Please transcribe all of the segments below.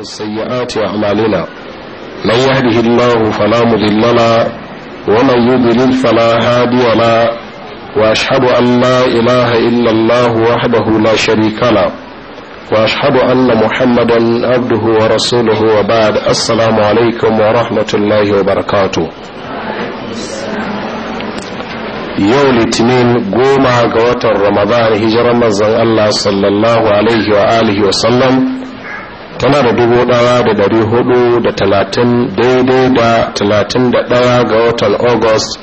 ومن سيئات أعمالنا من يهده الله فلا مضل له ومن يضلل فلا هادي له وأشهد أن لا إله إلا الله وحده لا شريك له وأشهد أن محمدا عبده ورسوله وبعد السلام عليكم ورحمة الله وبركاته yau litinin goma ga watan ramadan hijirar manzon Allah sallallahu alaihi wa alihi wa sallam tana da dubu ɗaya da dari hudu da talatin daidai da talatin da ɗaya ga watan august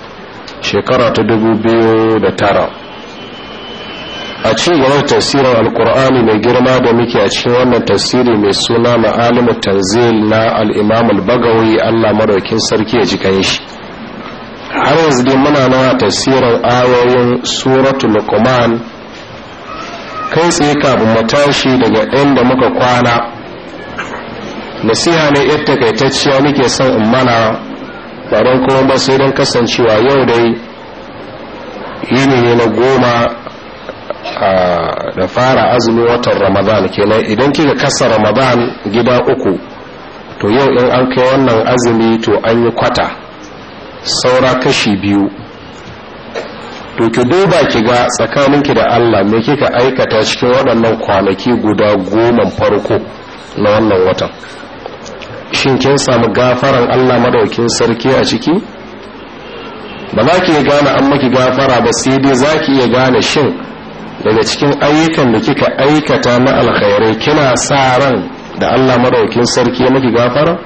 shekara ta dubu biyu da tara a ci gaba tasirin alkur'ani mai girma da muke a cikin wannan tasiri mai suna ma'alimu tanzil na al'imam al allah maraukin sarki ya ji shi har yanzu dai muna nawa tasirin ayoyin suratul luqman kai tsaye kafin mu tashi daga inda muka kwana nasiha ne yar takaitacciya nake son in mana ba don kuma ba sai don kasancewa yau dai yini ne na goma da fara azumi watan ramadan kenan idan kika kasa ramadan gida uku to yau in an kai wannan azumi to an yi kwata saura kashi biyu to ki duba ki ga tsakaninki da allah me kika aikata cikin waɗannan kwanaki guda goma farko na wannan watan shin kin samu gafaran Allah madaukin sarki a ciki ba za ki gane an maki gafara ba sai dai za ki iya gane shin daga cikin ayyukan da kika aikata na alkhairai kina sa ran da Allah madaukin sarki ya maki gafara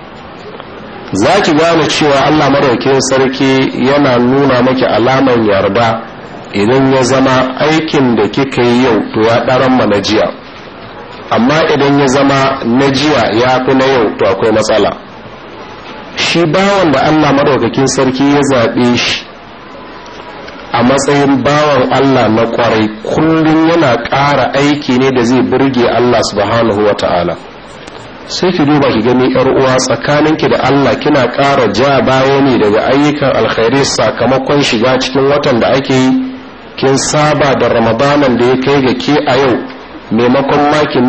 za ki gane cewa Allah madaukin sarki yana nuna maki alaman yarda idan ya zama aikin da kika yi yau to ya ɗaran jiya amma idan ya zama na jiya ya fi na yau to akwai matsala shi bawan da allah maɗaukakin sarki ya zaɓe shi a matsayin bawan allah na kwarai kullum yana ƙara aiki ne da zai burge allah subhanahu wa ta'ala sai ki duba ki gani yar uwa tsakaninki da allah kina ƙara ja baya ne daga ayyukan alkhairi sakamakon shiga cikin watan da ake yi kin saba da ramadanan da ya kai ga ke a yau maimakon ma ki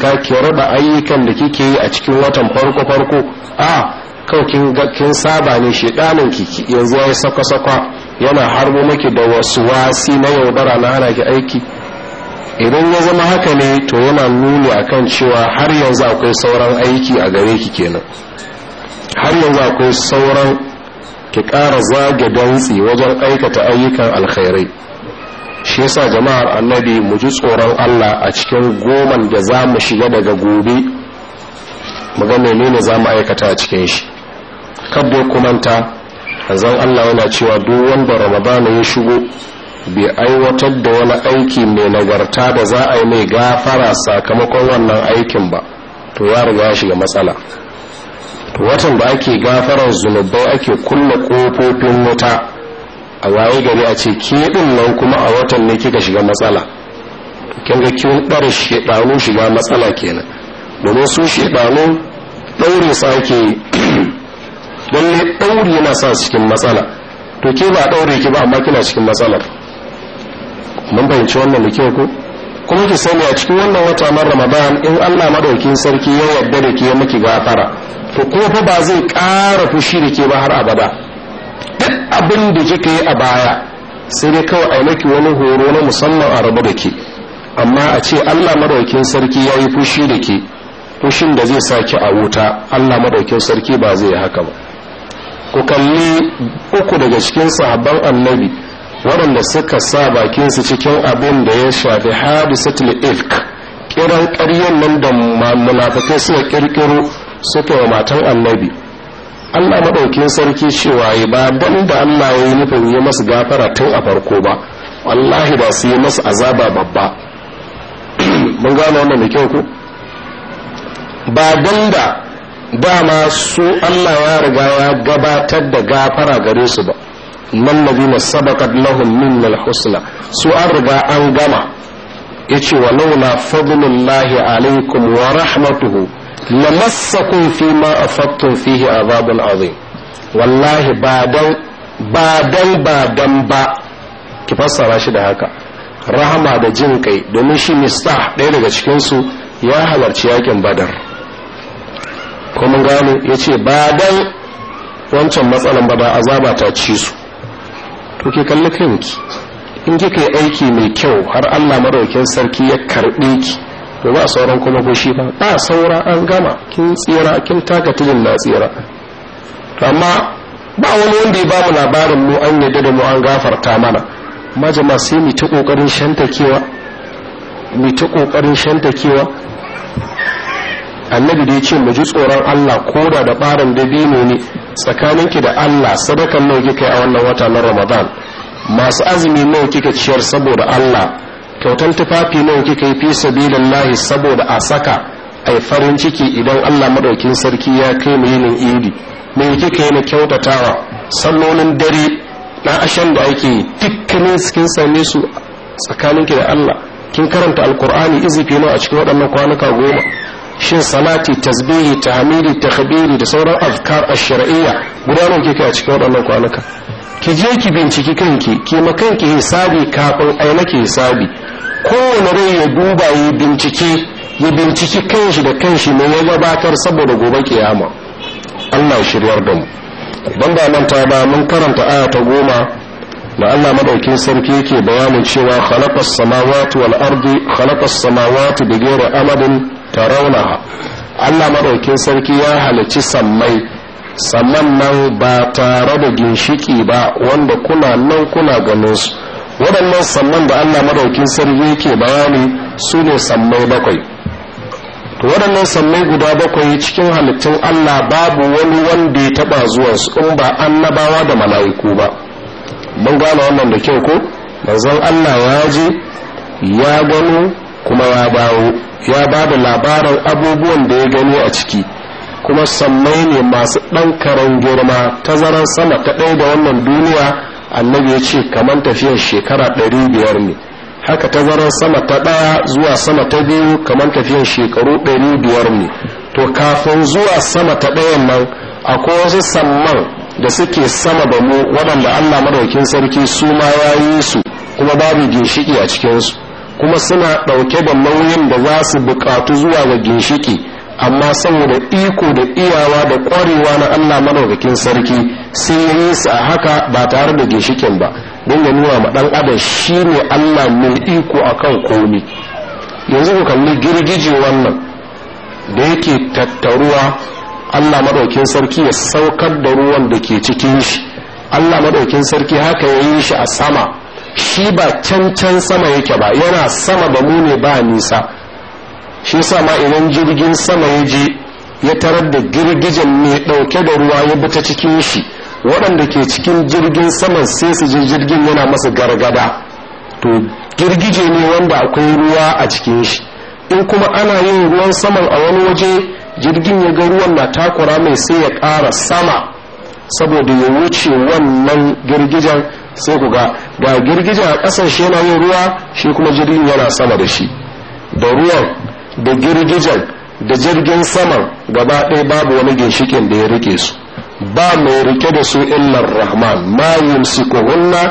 ka ki raba ayyukan da kike yi a cikin watan farko farko a kawai kin saba ne shedanin ki yanzu ya saka saka yana harbo maki da wasu wasi na yaudara na hana ki aiki idan ya zama haka ne to yana nuni akan cewa har yanzu akwai sauran aiki a gare ki kenan har yanzu akwai sauran ki ƙara zage dantsi wajen aikata ayyukan alkhairai shi yasa jama'ar annabi mu ji tsoron Allah a cikin goman da za mu shiga daga gobe mu ga menene za mu aikata a cikin shi kabbe kumanta zan Allah yana cewa duk wanda ramadana ya shigo bai aiwatar da wani aiki mai nagarta da za a yi mai gafara sakamakon wannan aikin ba to ya riga ya shiga matsala to watan da ake gafarar zunubai ake kulle kofofin wuta a waye gari a ce ke din nan kuma a watan ne kika shiga matsala kin ga kin ɗara shedanu shiga matsala kenan domin su shedanu daure sa ake don ne daure yana sa cikin matsala to ke ba daure ki ba amma kina cikin matsala mun fahimci wannan da kyau ko kuma ki sani a cikin wannan wata na ramadan in allah madaukin sarki ya yarda da ke miki gafara to ko fa ba zai ƙara fushi da ke ba har abada duk abin da kika yi a baya sai dai kawai a maki wani horo na musamman a rabu da ke amma a ce allah madaukin sarki ya yi fushi da ke fushin da zai sa a wuta allah madaukin sarki ba zai yi haka ba ku kalli uku daga cikin sahabban annabi waɗanda suka sa bakinsu cikin abin da ya shafi hadisatul ifk kiran ƙaryen nan da munafikai suka kirkiro suka wa matan annabi Allah madaukin sarki cewa yi ba dan da Allah ya yi nufin yi masu gafara tun a farko ba wallahi ba su yi masu azaba babba mun gano wannan da kyau ku ba dan da dama su Allah ya riga ya gabatar da gafara gare su ba man na sabaqat lahum min al-husna su an riga an gama yace wa laula fadlullahi alaikum wa rahmatuhu lamassakum fi ma a fihi azabun azim wallahi ba dan ba dan ba dan ba ki fassara shi da haka rahama da jin kai domin shi mistah ɗaya daga cikin su ya halarci yakin badar kuma gano yace ba dan wancan matsalan bada azaba ta ci su to ke kalli kanki in kika yi aiki mai kyau har Allah madaukin sarki ya karɓe ki ko ba sauran kuma goshi ba ba saura an gama kin tsira kin taka tilin na tsira amma ba wani wanda ya bamu labarin mu an yadda da mu an gafarta mana majama sai mu ta kokarin shantakewa mu ta kokarin shantakewa annabi da ya ce mu ji tsoron Allah ko da da barin ne tsakaninki da Allah sadakan nawa kika yi a wannan wata na Ramadan masu azumi nawa kika ciyar saboda Allah kyautar tufafi nawa kika yi fi lahi saboda a saka a yi farin ciki idan Allah madaukin sarki ya kai mu yinin idi me kika yi na kyautatawa sallolin dare na ashen da ake yi dukkanin kin same su tsakaninki da Allah kin karanta alkur'ani izifi nawa a cikin waɗannan kwanuka goma shin salati tasbihi tahmidi takbiri da sauran azkar a shariyya gudanar kike a cikin waɗannan kwanuka ki je ki binciki kanki ki ma kanki hisabi kafin ai nake hisabi kowane rai ya duba ya bincike ya binciki kanshi da kanshi mai ya gabatar saboda gobe kiyama Allah shiryar da mu idan ba ta ba mun karanta ayata goma da Allah madaukin sarki yake bayanin cewa khalaqas samawati wal ardi khalaqas samawati bighairi amadin tarawnaha Allah madaukin sarki ya halici sammai sannan nan ba tare da ginshiki ba wanda kuna nan kuna ganin su waɗannan sannan da allah madaukin sarki yake bayani su ne sammai bakwai to waɗannan sammai guda bakwai cikin halittun allah babu wani wanda ya taɓa zuwansu in ba annabawa da mala'iku ba mun gane wannan da kyau ko manzon allah ya je ya gano kuma ya bawo ya ba da labarin abubuwan da ya gani a ciki kuma sammai ne masu ɗan karen girma tazaran sama ta ɗaya da wannan duniya annabi ya ce kamar tafiyar shekara ɗari biyar ne haka tazarar sama ta ɗaya zuwa sama ta biyu kamar tafiyar shekaru ɗari biyar ne to kafin zuwa sama ta ɗayan nan akwai wasu samman da suke sama da mu waɗanda allah madaukin sarki su ma ya yi su kuma babu ginshiki a cikinsu kuma suna ɗauke da nauyin da za su buƙatu zuwa ga ginshiki amma saboda iko da iyawa da ƙwarewa na allah madaukakin sarki sun yi su a haka ba tare da ginshikin ba don ga nuna ma ɗan adam shi ne allah mai iko akan komi yanzu ku kalli girgije wannan da yake tattaruwa allah maɗaukin sarki ya saukar da ruwan da ke cikin shi allah maɗaukin sarki haka ya yi shi a sama shi ba can can sama yake ba yana sama da mu ne ba nisa shi sa ma idan jirgin sama ya je ya tarar da girgijen mai ɗauke da ruwa ya bi ta cikin shi waɗanda ke cikin jirgin sama sai su je jirgin yana masa gargada to girgije ne wanda akwai ruwa a cikin shi in kuma ana yin ruwan saman a wani waje jirgin ya ga ruwan na takura mai sai ya ƙara sama saboda ya wuce wannan girgijen sai ku ga ga girgijen a ƙasar shi yana yin ruwa shi kuma jirgin yana sama da shi da ruwan da girgijen da jirgin saman gaba ɗaya babu wani ginshikin da ya rike su ba mai rike da su illar rahman ma yumsikuhunna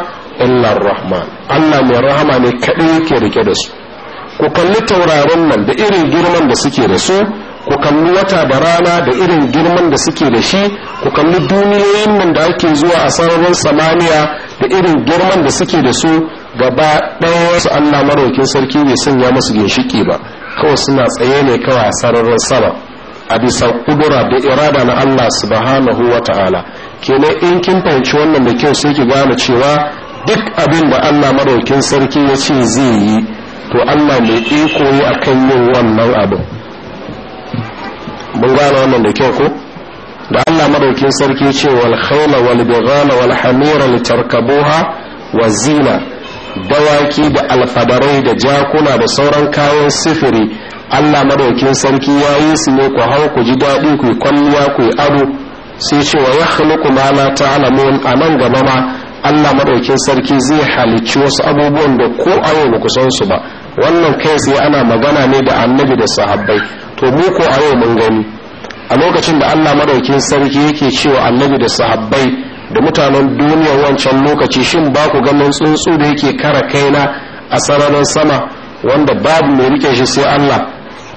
illar rahman Allah mai rahama ne kaɗai yake rike da su ku kalli taurarin nan da irin girman da suke da su ku kalli wata da rana da irin girman da suke da shi ku kalli duniyoyin nan da ake zuwa a sararin samaniya da irin girman da suke da su gaba ɗaya su Allah maraukin sarki bai sanya musu ginshiki ba kawai suna tsaye ne kawai a sararin sama a bisa kudura da irada na Allah subhanahu wa ta'ala kenan in kin fahimci wannan da kyau sai ki gane cewa duk abin da Allah madaukin sarki ya ce zai yi to Allah mai iko yi akan yin wannan abin mun gane wannan da kyau ko da Allah maraukin sarki ce wal khaila wal bighala wal hamira litarkabuha wa zina dawaki da alfadarai da jakuna da sauran kayan sifiri allah madaukin sarki ya yi su ne ku hau ku ji daɗi ku yi kwalliya ku yi ado sai ce wa ya halittu ma la ta'lamun a nan gaba ma allah madaukin sarki zai halicci wasu abubuwan da ko a yau ba ku san su ba wannan kai sai ana magana ne da annabi da sahabbai to mu ko a yau mun gani a lokacin da allah madaukin sarki yake cewa annabi da sahabbai da mutanen duniya wancan lokaci shin ba ku ganin tsuntsu da yake kara kaina a sararin sama wanda babu mai rike shi sai Allah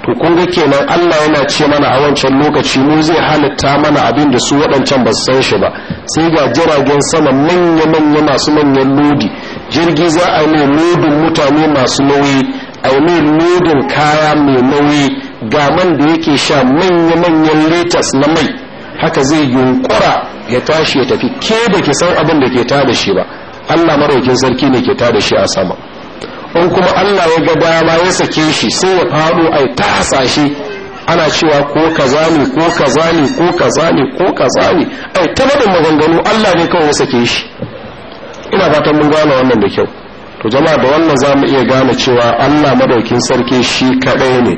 to kun ga kenan Allah yana ce mana a wancan lokaci mu zai halitta mana abin da su waɗancan ba san shi ba sai ga jiragen sama manya manya masu manyan lodi jirgi za a ne lodin mutane masu nauyi a yi mai lodin kaya mai nauyi ga man da yake sha manya manyan letas na mai haka zai yunkura ya tashi ya tafi ke da ke san abin da ke tada shi ba Allah maraikin sarki ne ke tada shi a sama in kuma Allah ya ga dama ya sake shi sai ya faɗo ai ta hasashe ana cewa ko kaza ne ko kaza ne ko kaza ne ko kaza ne ai ta madin maganganu Allah ne kawai ya sake shi ina fatan mun gane wannan da kyau to jama'a da wannan za mu iya gane cewa Allah madaukin sarki shi kaɗai ne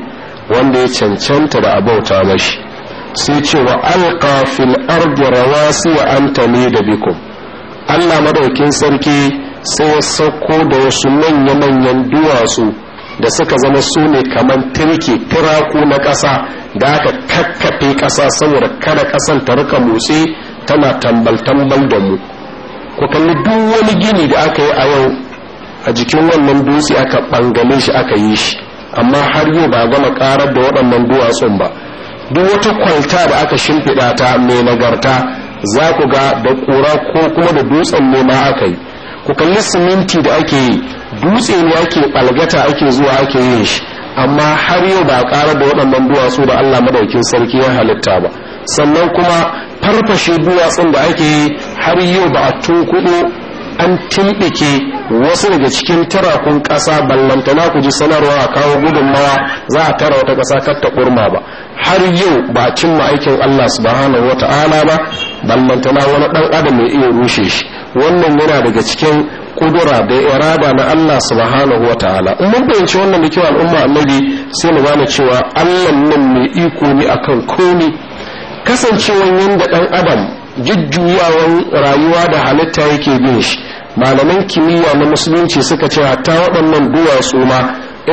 wanda ya cancanta da abauta mashi sai ce wa alqa fil ardi rawasi wa anta da bikum Allah madaukin sarki sai ya sauko da wasu manya manyan duwatsu da suka zama su ne kamar turke tiraku na ƙasa da aka kakkafe ƙasa saboda kada ƙasan ta rika motsi tana tambal tambal da mu ku kalli duk wani gini da aka yi a yau a jikin wannan dutse aka bangale shi aka yi shi amma har yau ba gama ƙarar da waɗannan duwatsun ba duk wata kwalta da aka shimfiɗa ta mai nagarta za ku ga da ƙura ko kuma da dutsen nema aka yi ku kalli siminti da ake yi dutse ne ake ɓalgata ake zuwa ake yin shi amma har yau ba a ƙara da waɗannan duwatsu da allah madaukin sarki ya halitta ba sannan kuma farfashe duwatsun da ake yi har yau ba a tunkuɗo an tilbike wasu daga cikin tarakun ƙasa ballantana ku ji sanarwa a kawo gudunmawa za a tara wata ƙasa kar ta ƙurma ba har yau ba cimma aikin Allah subhanahu wa ta'ala ba ballantana wani ɗan adam mai iya rushe shi wannan yana daga cikin kudura da irada na Allah subhanahu wa ta'ala in mun fahimci wannan da kyau al'umma annabi sai mu gane cewa Allah nan mai iko ne akan kome kasancewan yanda ɗan adam jujjuwawar rayuwa da halitta yake bin shi malaman kimiyya na musulunci suka ce hatta waɗannan duwatsu ma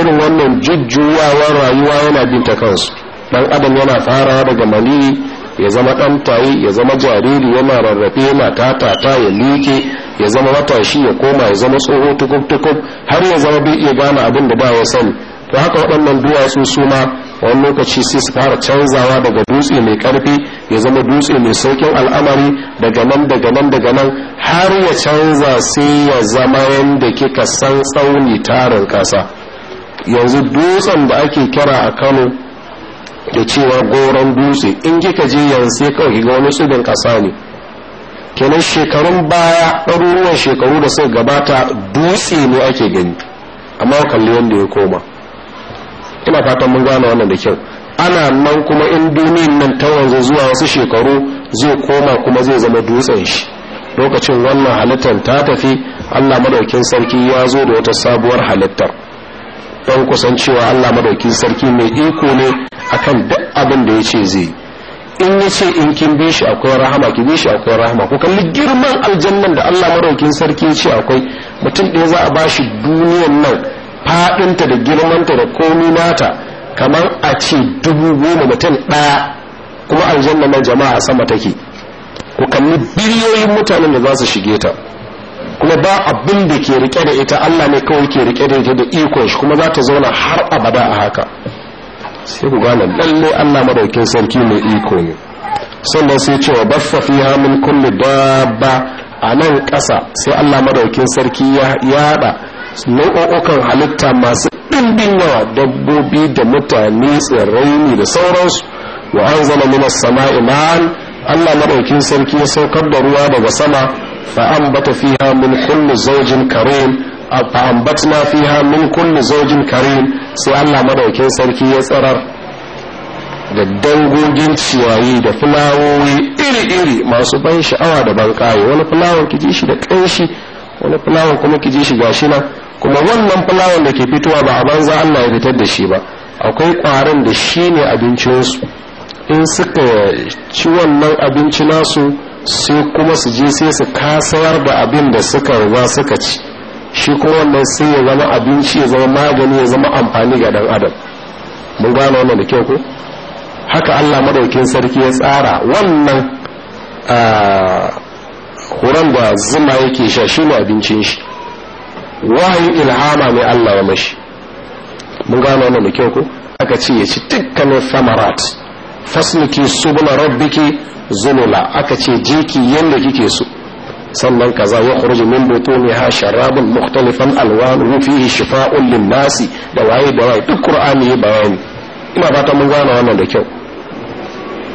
irin wannan jujjuwawar rayuwa yana bin ta kansu dan adam yana farawa daga maniyi ya zama ɗan tayi ya zama jariri yana rarrafe yana tatata ya liƙe ya zama matashi ya koma ya zama tsoho tukub tukub har ya zama bai iya gane abin da ba ya sani to haka waɗannan duwatsu su ma wani lokaci sai su fara canzawa daga dutse mai karfi ya zama dutse mai saukin al'amari daga nan daga nan daga nan har ya canza sai ya zama yadda kika san tsauni tarin kasa yanzu dutsen da ake kira a kano da cewa goron dutse in kika je yanzu sai kawai ga wani tsibin kasa ne kenan shekarun baya ɗaruruwan shekaru da suka gabata dutse ne ake gani amma kalli wanda ya koma ina fatan mun gane wannan da kyau ana nan kuma in duniyan nan ta wanzu zuwa wasu shekaru zai koma kuma zai zama dutsen shi lokacin wannan halittar ta tafi allah madaukin sarki ya zo da wata sabuwar halittar don kusancewa allah madaukin sarki mai iko ne akan duk abin da ya ce zai in ya ce in kin bi shi akwai rahama ki bi shi akwai rahama ku kalli girman aljannan da allah madaukin sarki ce akwai mutum ɗaya za a ba shi duniyan nan faɗinta da girmanta da komi nata kamar a ce dubu goma mutum ɗaya kuma aljanna mai jama'a sama take ku kalli biliyoyin mutanen da za su shige ta kuma ba abin da ke rike da ita allah ne kawai ke rike da ita da ikon shi kuma za ta zauna har abada a haka sai ku gane lalle allah madaukin sarki mai iko ne sannan sai cewa baffa fi min kulli dabba a nan ƙasa sai allah madaukin sarki ya yada nau'o'ukan halitta masu ɗimbin yawa dabbobi da mutane tsirrai ne da sauransu wa an zama minas sama'i ma'an allah maɗaukin sarki ya saukar da ruwa daga sama an bata ha min kullu zaujin karim fi ha min kullu zaujin karim sai Allah ɗaukin sarki ya tsarar da dangogin ciyayi da fulawoyi iri-iri masu ban sha'awa da ban kayo wani fulawon ki ji shi da ƙanshi wani fulawon kuma ki ji shi gashi nan kuma wannan fulawan da ke fitowa ba a banza Allah ya fitar da shi ba akwai ƙwarin da shi ne abincinsu in suka ci wannan abinci nasu sai kuma su je sai su kasawar da abin da suka ruwa suka ci shi kuma wannan sai ya zama abinci ya zama magani ya zama amfani ga dan adam mun gane wannan da kyau ko haka Allah madaukin sarki ya tsara wannan ah, huran da zuma yake sha shi ne abincin shi wahayin ilhama ne Allah ya mashi mun gano wannan da kyau ko aka ce ya ci dukkanin samarat fasniki subula rabbiki zulula aka ce je ki yanda kike so sannan kaza ya khuruju min ha sharabun mukhtalifan alwanuhu fihi shifa'un lin-nasi da waye da waye duk qur'ani ya bayani ina fata mun gano wannan da kyau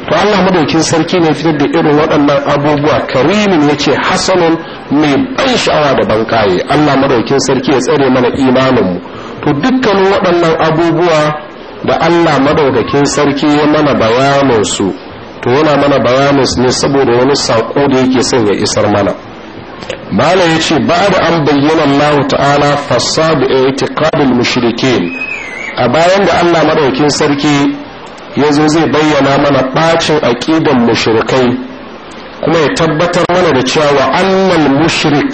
to Allah madaukin sarki ne fitar da irin waɗannan abubuwa karimin ya ce hasanun mai ban sha'awa da ban kaye Allah madaukin sarki ya tsare mana imaninmu to dukkanin waɗannan abubuwa da Allah madaukakin sarki ya mana bayaninsu to yana mana bayaninsu ne saboda wani saƙo da yake son ya isar mana bala ya ce ba da an bayyana Allah ta'ala fasadu a itiqadul mushrikin a bayan da Allah maɗaukin sarki ya zo zai bayyana mana ɓacin aƙidan mushrikai kuma ya tabbatar mana da cewa wa annal mushrik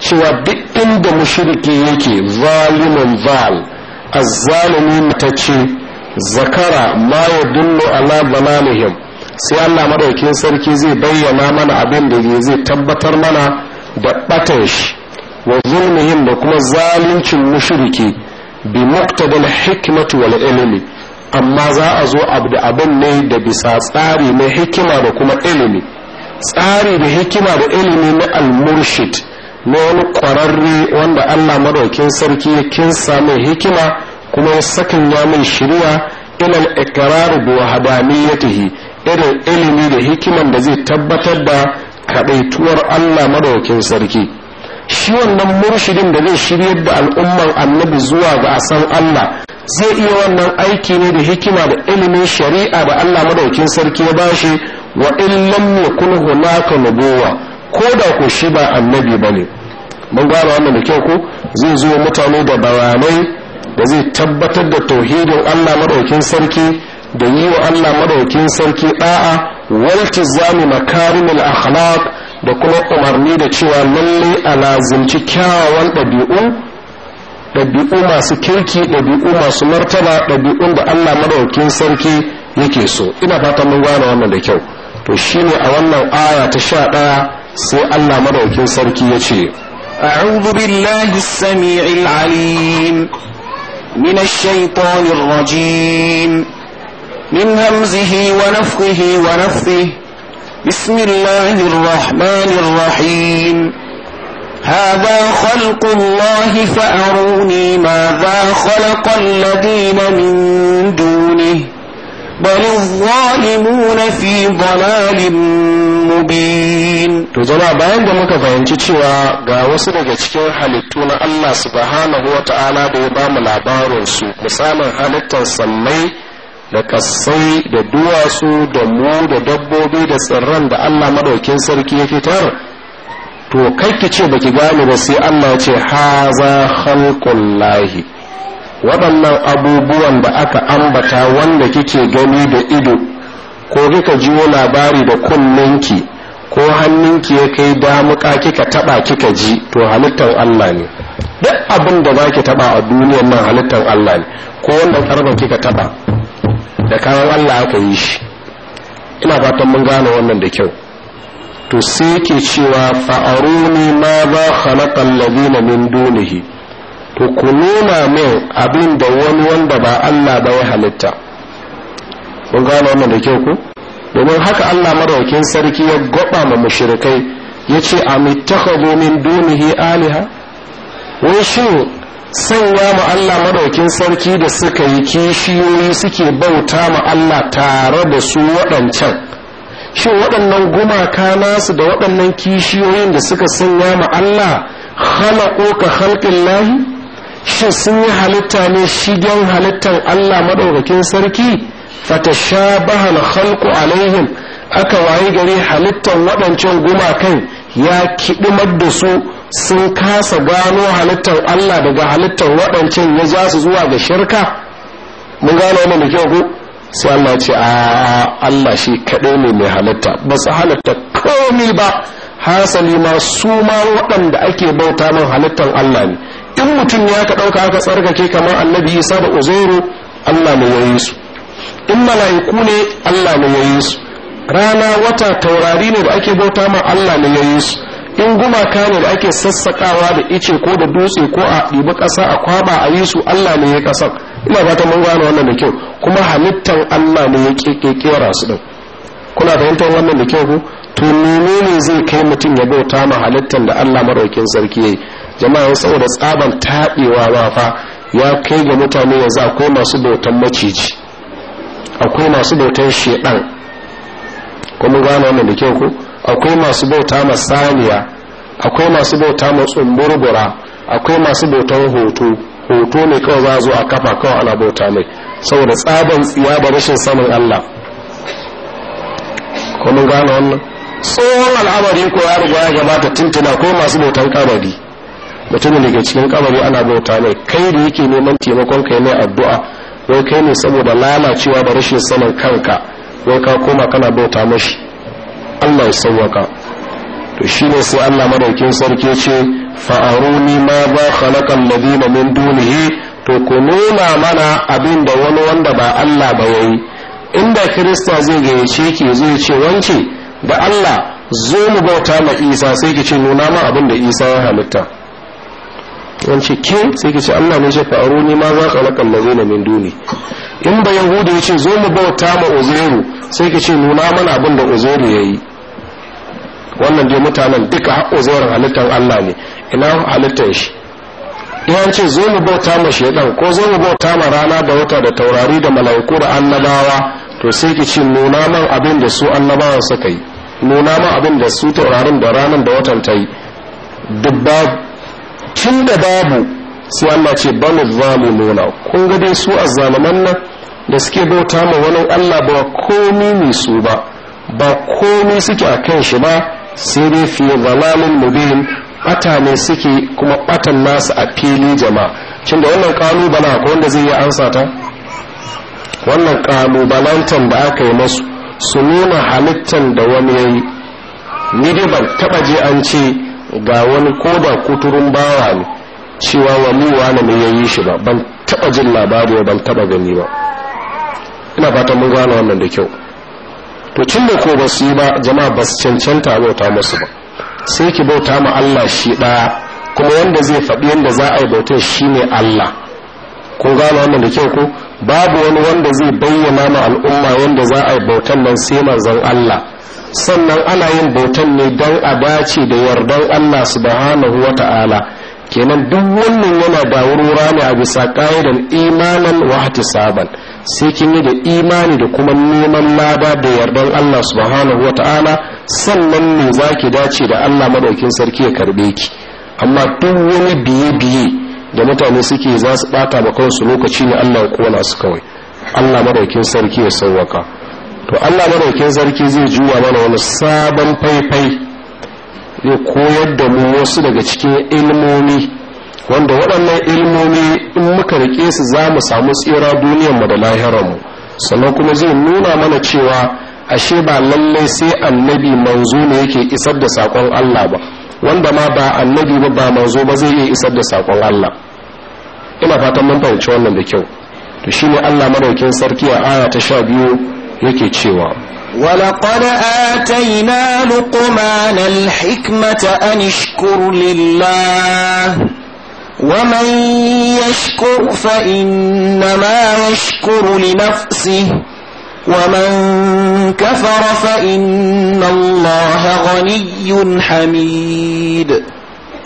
cewa duk inda mushriki yake zalimin zal azzalimi mutacce zakara ma ya dullo ala balalihim sai allah maɗaukin sarki zai bayyana mana abin da zai tabbatar mana da ɓatan shi wa zulmihim da kuma zaluncin mushriki bi muqtadal hikmatu wal ilmi amma za a zo abu abin ne da bisa tsari na hikima da kuma ilimi tsari da hikima da ilimi na almurshid murshid na wani kwararre wanda allah madaukin sarki ya kinsa mai hikima kuma ya sakin ya mai shirya ilal ikirar da wahadaniyatihi irin ilimi da hikiman da zai tabbatar da kaɗaituwar allah madaukin sarki shi wannan murshidin da zai shiryar da al'umman annabi zuwa ga asan allah zai iya wannan aiki ne da hikima da ilimin shari'a da Allah madaukin sarki ya bashi wa in lam yakun hunaka nubuwa ko da ku shi ba annabi bane mun gano wannan da kyau ko zai zo mutane da bayanai da zai tabbatar da tauhidin Allah madaukin sarki da yi wa Allah madaukin sarki da'a waltizami makarimul akhlaq da kuma umarni da cewa lalle a lazimci kyawawan ɗabi'u ɗabi'u masu kirki ɗabi'u masu martaba ɗabi'un da allah madaukin sarki yake so ina fatan mun gane wannan da kyau to shine a wannan aya ta sha ɗaya sai allah madaukin sarki ya ce أعوذ بالله السميع العليم من الشيطان الرجيم من همزه ونفخه ونفثه بسم الله الرحمن الرحيم هذا خلق الله فأروني ماذا خلق الذين من دونه بل الظالمون في ضلال مبين to jama'a bayan da muka fahimci cewa ga wasu daga cikin halittu na Allah subhanahu wa ta'ala da ya bamu labarin su misalin halittar sammai da kassai da duwatsu da mu da dabbobi da tsirran da Allah madaukin sarki ya fitar to kai ki ce baki gane ba sai Allah ce haza khalqul lahi waɗannan abubuwan da aka ambata wanda kike gani da ido ko kika jiwo labari da kunninki ko hannunki ya kai damuka kika taba kika ji to halittar Allah ne duk abin da zaki taba a duniyar nan halittan Allah ne ko wannan karban kika taba da kayan Allah aka yi shi ina fatan mun gane wannan da kyau to sai ke cewa fa'aruni ma ba khalaqal ladina min dunihi to ku nuna min abin da wani wanda ba Allah ba ya halitta kun gano wannan da kyau ku domin haka Allah madaukin sarki ya goba ma mushrikai yace amittakhadhu min dunihi aliha wai shin sanya mu Allah madaukin sarki da suka yi kishiyoyi suke bauta ma Allah tare da su waɗancan shin waɗannan gumaka nasu da waɗannan kishiyoyin da suka sanya ma Allah khalaqo ka khalqin lahi shin sun yi halitta ne shigen halittar Allah maɗaukakin sarki Fata fatashabaha al a alaihim aka waye gari halittar waɗancan gumakan ya kiɗimar da su sun kasa gano halittar Allah daga halittar waɗancan ya za su zuwa ga shirka mun gano wannan da kyau ku. sai Allah ce a Allah shi kaɗai ne mai halitta ba su halitta komai ba hasali ma su ma waɗanda ake bauta min halittan Allah ne in mutum ya ka ɗauka aka tsarkake kamar annabi isa da uzairu Allah ne yayin su in mala'iku ne Allah ne yayin su rana wata taurari ne da ake bauta min Allah ne yayin su in gumaka ne da ake sassakawa da ice ko da dutse ko a ɗibi ƙasa a kwaba a yi su Allah ne ya ƙasar ina fatan mun gane wannan da kyau kuma halittan Allah ne ya kekekera su din kuna fahimtar wannan da kyau ko to menene zai kai mutum ya bauta ma halittan da Allah maraukin sarki yayi jama'a saboda tsaban taɓewa ba fa ya kai ga mutane yanzu akwai masu bautan maciji akwai masu bautan shedan kuma gane wannan da kyau ku akwai masu bauta ma saniya akwai masu bauta ma tsumburbura akwai masu bautan hoto hoto ne kawai za zo a kafa kawai ana bauta ne saboda tsaban tsiya ba rashin sanin Allah kuma gane wannan tsohon al'amari ko ya riga ya gabata tuntuna ko masu bautan kabari mutumin da ke cikin kabari ana bauta ne kai da yake neman taimakon kai mai addu'a wai kai ne saboda lalacewa da rashin sanin kanka wai ka koma kana bauta mashi Allah ya sauwaka to shi ne sai Allah madaukin sarki ce fa'aruni ma ba khalaqal ladina min dunihi to ku nuna mana abin da wani wanda ba Allah ba yayi inda Kirista zai gayyace ki zai ce wance da Allah zo mu bauta ma Isa sai ki ce nuna mana abin da Isa ya halitta wance ke sai ki ce Allah ne ya fa'aruni ma ba khalaqal ladina min duni in ba Yahuda ya ce zo mu bauta ma Uzairu sai ki ce nuna mana abin da Uzairu yayi wannan dai mutanen duka uzairin halittar Allah ne ina halittar shi in ce zo mu bauta ma shaidan ko zo mu bauta ma rana da wata da taurari da mala'iku da annabawa to sai ki ce nuna man abin da su annabawan suka yi nuna man abin da su taurarin da ranan da watan ta yi duk babu tun da babu sai Allah ce banu zalimuna kun ga dai su azzalaman nan da suke bauta ma wani Allah ba komi ne su ba ba komai suke a kan shi ba sai dai fi zalalin mubin bata ne suke kuma batan nasu a fili jama'a cin da wannan kalubala ko wanda zai yi ansa ta wannan kalubalantan da aka yi masu su nuna halittan da wani ya yi. ni dai ban taba je an ce ga wani ko da kuturun bawa ne cewa waliwa ne ya yi shi ba ban taba jin labari ban taba gani ba ina fatan mun gane wannan da kyau to cin da ko ba su yi ba jama'a ba su cancanta bauta musu ba sai ki bauta ma Allah shi ɗaya kuma wanda zai faɗi yadda za a yi bautar shi ne Allah kun gano wannan da kyau ko babu wani wanda zai bayyana ma al'umma yadda za a yi bautar nan sai manzon Allah sannan ana yin bautan ne don a dace da yardan Allah subhanahu wa kenan duk wannan yana da wurwura ne a bisa ƙa'idar imanan wa ihtisaban sai kin yi da imani da kuma neman lada da yardan Allah subhanahu wa ta'ala sannan ne za ki dace da Allah madaukin sarki ya karbe ki amma duk wani biye-biye da mutane suke za su bata ba kansu lokaci ne Allah ya kona su kawai Allah madaukin sarki ya sauwaka to Allah madaukin sarki zai juya mana wani sabon faifai ya koyar da mu wasu daga cikin ilmomi wanda waɗannan ilmomi in muka rike su za mu samu tsira duniyarmu da mu sannan kuma zai nuna mana cewa ashe ba lallai sai annabi manzo ne yake isar da saƙon Allah ba wanda ma ba annabi ba ba manzo ba zai iya isar da saƙon Allah ina fatan mun fahimci wannan da kyau to shine Allah madaukin sarki a aya ta sha biyu yake cewa ولقد آتينا لقمان الحكمة أن اشكر لله ومن يشكر فإنما يشكر لنفسه ومن كفر فإن الله غني حميد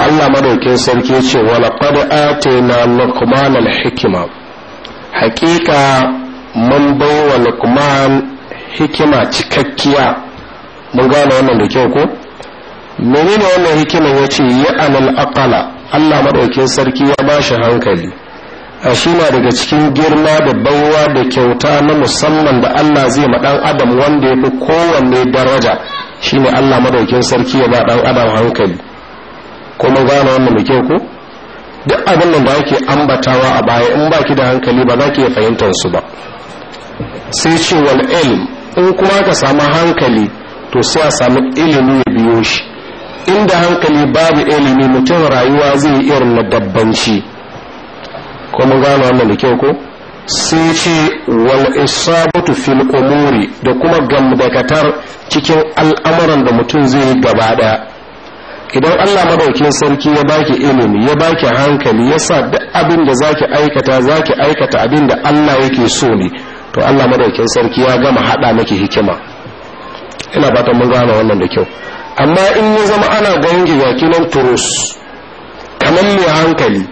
الله مدوكين سركيش ولقد آتينا لقمان الحكمة حقيقة من بو لقمان حكمة تككية من قال وانا لكيوكو menene wannan hikimar ya ce ya alal akala allah maɗaukin sarki ya ba shi hankali a shi na daga cikin girma da baiwa da kyauta na musamman da allah zai ma ɗan adam wanda ya fi kowanne daraja shine allah maɗaukin sarki ya ba ɗan adam hankali kuma gane wannan da kyau ko duk abin da ake ambatawa a baya in baki da hankali ba za ki iya fahimtar su ba sai ce wal ilm in kuma ka samu hankali to sai a samu ilimi ya biyo shi inda hankali babu ilimi mutum rayuwa zai irin na dabbanci mun gano wannan da kyau ko sai ce wal isabatu fil umuri da kuma gamdakatar cikin al'amuran da mutum zai yi gaba daya idan Allah madaukin sarki ya baki ilimi ya baki hankali ya sa duk abin da zaki aikata zaki aikata abin da Allah yake so ne to Allah madaukin sarki ya gama hada maki hikima ina fatan mun gano wannan da kyau amma in ya zama ana gwange baki nan turus kamar mai hankali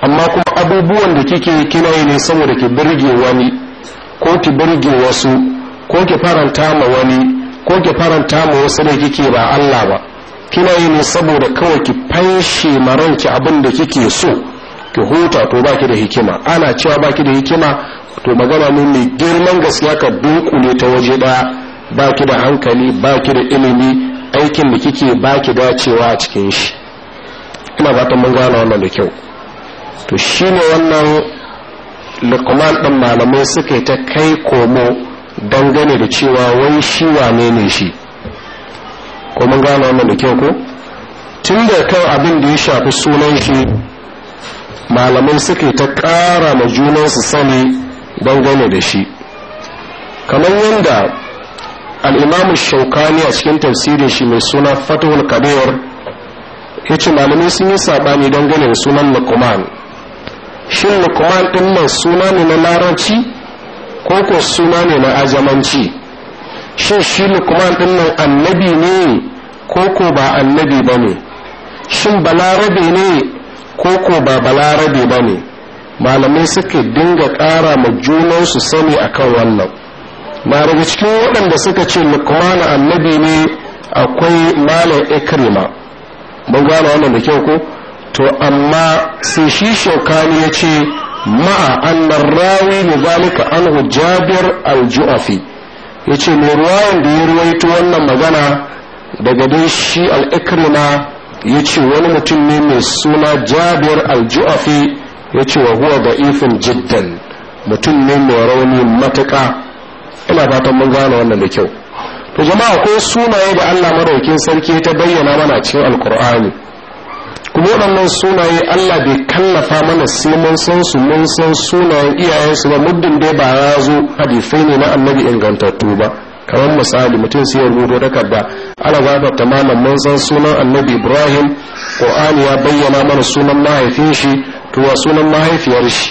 amma kuma abubuwan da kike kinayi ne saboda ki birge wani ko ki birge wasu ko ki faranta ma wani ko ki faranta ma wasu da kike ba Allah ba kinaye ne saboda kawai ki fanshe maranki abin da kike so ki huta to baki da hikima ana cewa baki da hikima to magana ne mai girman gaskiya ka dunkule ta waje ɗaya baki da hankali baki da ilimi aikin da kike baki dacewa a cikin shi ina ba ta mun gane wannan da kyau to shi ne wannan lukman ɗin malamai suka ta kai komo dangane da cewa wai shi wane ne shi ko mun gane wannan da kyau ko tun da kan abin da ya shafi sunan shi malamai suka ta ƙara ma junansu sani dangane da shi kamar yadda al'imamu shaukani a cikin tafsirin shi mai suna fatahul kadir ya ce malamai sun yi saɓani don ganin sunan lukuman shin lukman ɗin nan suna ne na larabci ko ko suna ne na ajamanci shin shi lukman ɗin nan annabi ne ko ko ba annabi ba ne shin balarabe ne ko ko ba balarabe ba ne malamai suke dinga ƙara ma junansu sani akan wannan ba daga cikin waɗanda suka ce lukmanu annabi ne akwai malam ikrima mun gane wannan da kyau ko to amma sai shi shaukani ya ce ma'a annar rawi ne zalika an jabir al-ju'afi ya ce mai ruwayan da ya ruwaito wannan magana daga dai shi al-ikrima ya ce wani mutum ne mai suna jabir al-ju'afi ya ce wa huwa ifin jiddan mutum ne mai rauni matuƙa ina fatan mun gane wannan da kyau to jama'a ko sunaye da Allah madaukin sarki ta bayyana mana cikin alkur'ani kuma waɗannan sunaye Allah bai kallafa mana sai mun san su mun san sunayen iyayensu ba muddin dai ba ya zo hadisai ne na annabi ingantattu ba kamar misali mutum sai ya rubuto takarda ana zaɓa ta malam mun san sunan annabi ibrahim qur'ani ya bayyana mana sunan mahaifin shi to wa sunan mahaifiyar shi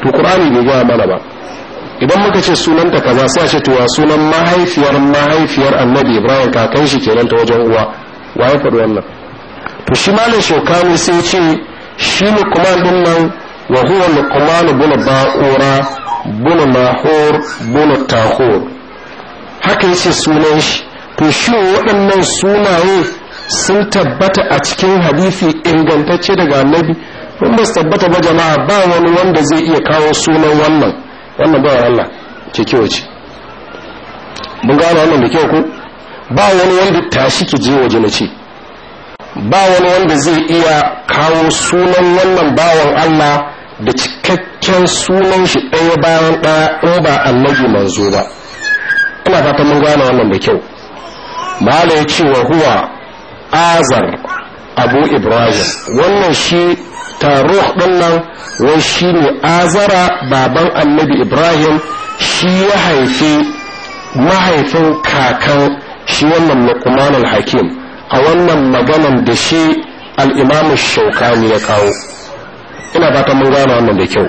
to qur'ani bai gaya mana ba idan muka ce sunanta kaza sai a ce to sunan mahaifiyar mahaifiyar annabi ibrahim kakan shi kenan ta wajen uwa wa ya faɗi wannan to shi malam shokani sai ce shi kuma din nan wa huwa ne bin ba'ura bin mahur bin tahur haka yace sunan shi to shi waɗannan sunaye sun tabbata a cikin hadisi ingantacce daga annabi in su tabbata ba jama'a ba wani wanda zai iya kawo sunan wannan wannan bawan Allah kekewa ce mun gano wannan da kyau ko ba wani wanda tashi ki je waje na ce ba wani wanda zai iya kawo sunan wannan bawan Allah da cikakken sunan shi ɗaya bayan ɗaya in ba annabi manzo ba ina fatan mun gane wannan da kyau mala ya ce wa huwa azar abu ibrahim wannan shi taruh ɗin nan wai shi ne azara baban annabi ibrahim shi ya haifi mahaifin kakan shi wannan luqman hakim a wannan maganan da shi al'imamu shaukani ya kawo ina fatan mun gano wannan da kyau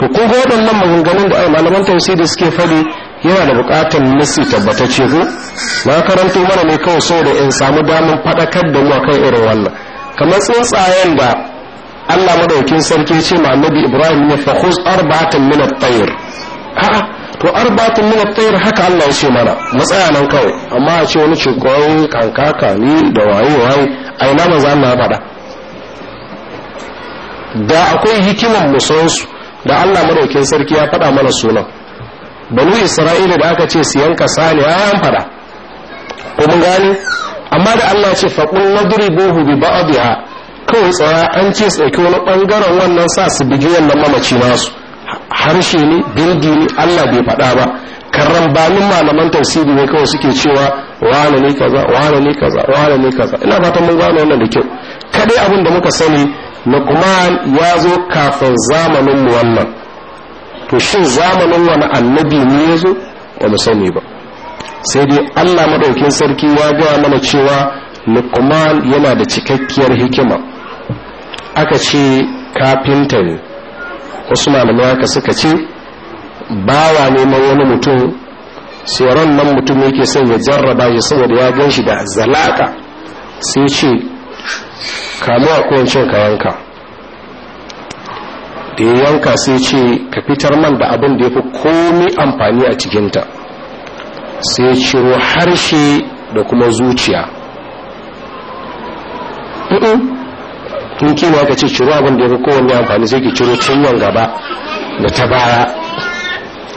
to kun ga waɗannan maganganun da malaman da suke faɗi yana da buƙatar nasi tabbatacce ko na karanto mana ne kawai so da in samu damar faɗakar da mu akan irin wannan kamar tsuntsayen da Allah madaukin sarki ce ma annabi Ibrahim ya fakhuz arba'atan min at-tayr a'a to arba'atan min at-tayr haka Allah ya ce mana matsaya nan kawai amma a ce wani cikon kankaka ni da waye waye ai na manzo Allah ya faɗa da akwai hikimar musansu da Allah madaukin sarki ya faɗa mana sunan banu Isra'ila da aka ce su yanka sani ya yan fada ko mun gane amma da Allah ya ce faqul nadribuhu bi ba'dihi kawai tsara an ce su ɗauki wani ɓangaren wannan sa su bigi wannan mamaci nasu harshe ne bindi ne allah bai faɗa ba karrambanin malaman tafsiri ne kawai suke cewa wane ne kaza wane ne kaza wane ne kaza ina fatan mun gano wannan da kyau kadai abin da muka sani lukman ya zo kafin zamanin mu wannan to shin zamanin wani annabi ne ya zo ba mu sani ba sai dai allah madaukin sarki ya gaya mana cewa lukman yana da cikakkiyar hikima aka ce kafintan wasu malamai aka suka ce bawa neman wani mutum tsoron nan mutum yake son ya jarraba shi saboda ya gan shi da zalaka sai ce kamu a kowancin ka yanka da ya yanka sai ce ka fitar man da abin da ya fi komi amfani a cikinta sai ciro harshe da kuma zuciya in kima ka ce ciro abin da ya fi kowanne amfani sai ki ciro cinwan gaba da ta baya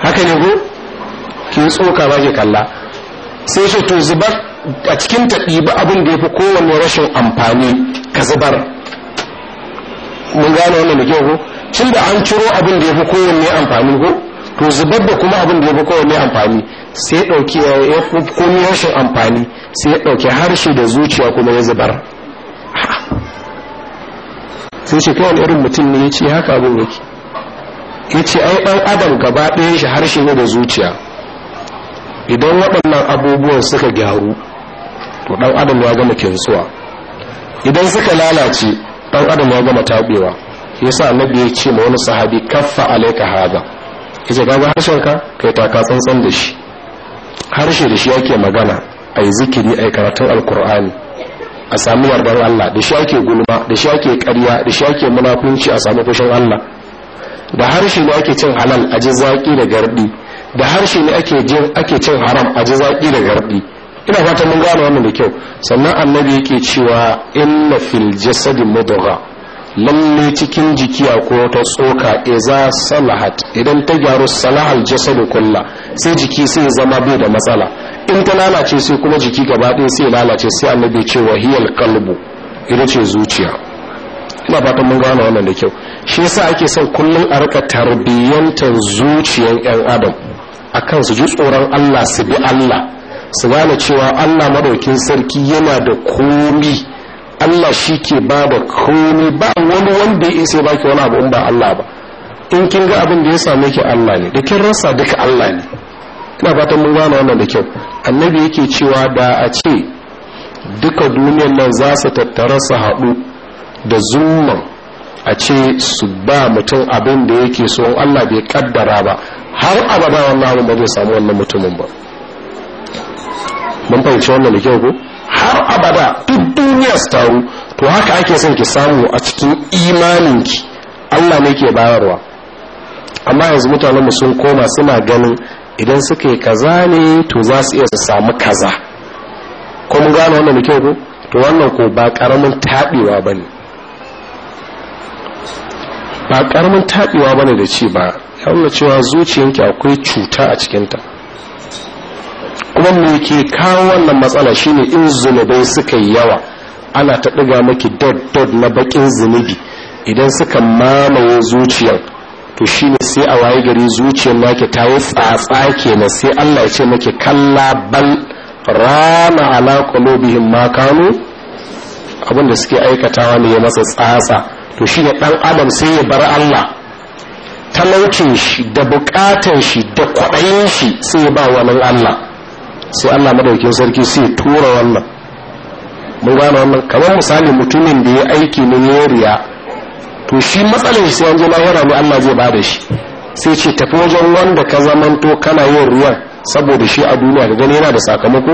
haka ne ko ki tsoka ba ke kalla sai shi to zubar a cikin ta ɗiba abin da ya fi kowanne rashin amfani ka zubar mun gane wannan da kyau ko tun da an ciro abin da ya fi kowanne amfani ko to zubar da kuma abin da ya fi kowanne amfani sai ɗauki ya fi kowanne rashin amfani sai ya ɗauki harshe da zuciya kuma ya zubar sai ce kawai irin mutum ne ya ce haka abin yake ya ce ai ɗan adam gaba ɗaya shi harshe ne da zuciya idan waɗannan abubuwan suka gyaru to ɗan adam ya gama kinsuwa idan suka lalace ɗan adam ya gama taɓewa yasa annabi ya ce ma wani sahabi kaffa alaika haza yace kaga harshen ka kai taka tsantsan da shi harshe da shi yake magana ai zikiri ai karatun alkur'ani a sami yardar Allah da shi ake gulma da shi ake ƙarya da shi ake munafunci a sami fushin Allah da harshe ne ake cin halal a ji zaƙi da gardi da harshe ne ake jin ake cin haram a ji zaƙi da gardi ina fatan mun gane wannan da kyau sannan annabi yake cewa inna fil jasadi mudgha lalle cikin jiki ko ta tsoka iza salahat idan ta gyaru salahal jasadu kullu sai jiki sai zama bai da matsala in ta lalace sai kuma jiki gaba ɗin sai lalace sai annabi ce wa hiyal kalbu ita ce zuciya ina fatan mun gane wannan da kyau shi yasa ake son kullum a rika tarbiyyantar zuciyan yan adam a kan su ji tsoron Allah su bi Allah su gane cewa Allah madaukin sarki yana da komi Allah shi ke ba da komi ba wani wanda ya isa baki wani abu in ba Allah ba in kin ga abin da ya same ki Allah ne da kin rasa duka Allah ne ina fatan mun gane wannan da kyau annabi yake cewa da a ce duka duniyar nan za su tattara su haɗu da zumman a ce su ba mutum abin da yake so allah bai kaddara ba har abada wannan abin ba zai samu wannan mutumin ba mun fahimci wannan da kyau ko har abada duk duniya su taru to haka ake son ki samu a cikin imaninki allah ne ke bayarwa amma yanzu mutanenmu sun koma suna ganin idan suka yi kaza ne to za su iya su samu kaza ko mun gano wannan da kyau ko to wannan ko ba karamin taɓewa ba ba karamin taɓewa ba da ce ba ya cewa zuciyanki akwai cuta a cikinta kuma me ke kawo wannan matsala shine in zunubai suka yi yawa ana ta ɗiga maki dad-dad na bakin zunubi idan suka mamaye zuciyan. to shi ne sai a waye gari zuciyar naki ta yi tsatsa na sai Allah ya ce maki kalla bal rana ala qulubihim ma kanu abin suke aikatawa ne ya masa tsatsa to shi ne dan adam sai ya bar Allah talaucin shi da bukatan shi da kwaɗayin shi sai ya ba Allah sai Allah madaukin sarki sai tura wannan mun gane wannan kamar misali mutumin da ya aiki ne ya to shi matsalar sai an je lahira ne Allah zai bada shi sai ce tafi wajen wanda ka zamanto kana yin ruwan saboda shi a duniya da gani yana da sakamako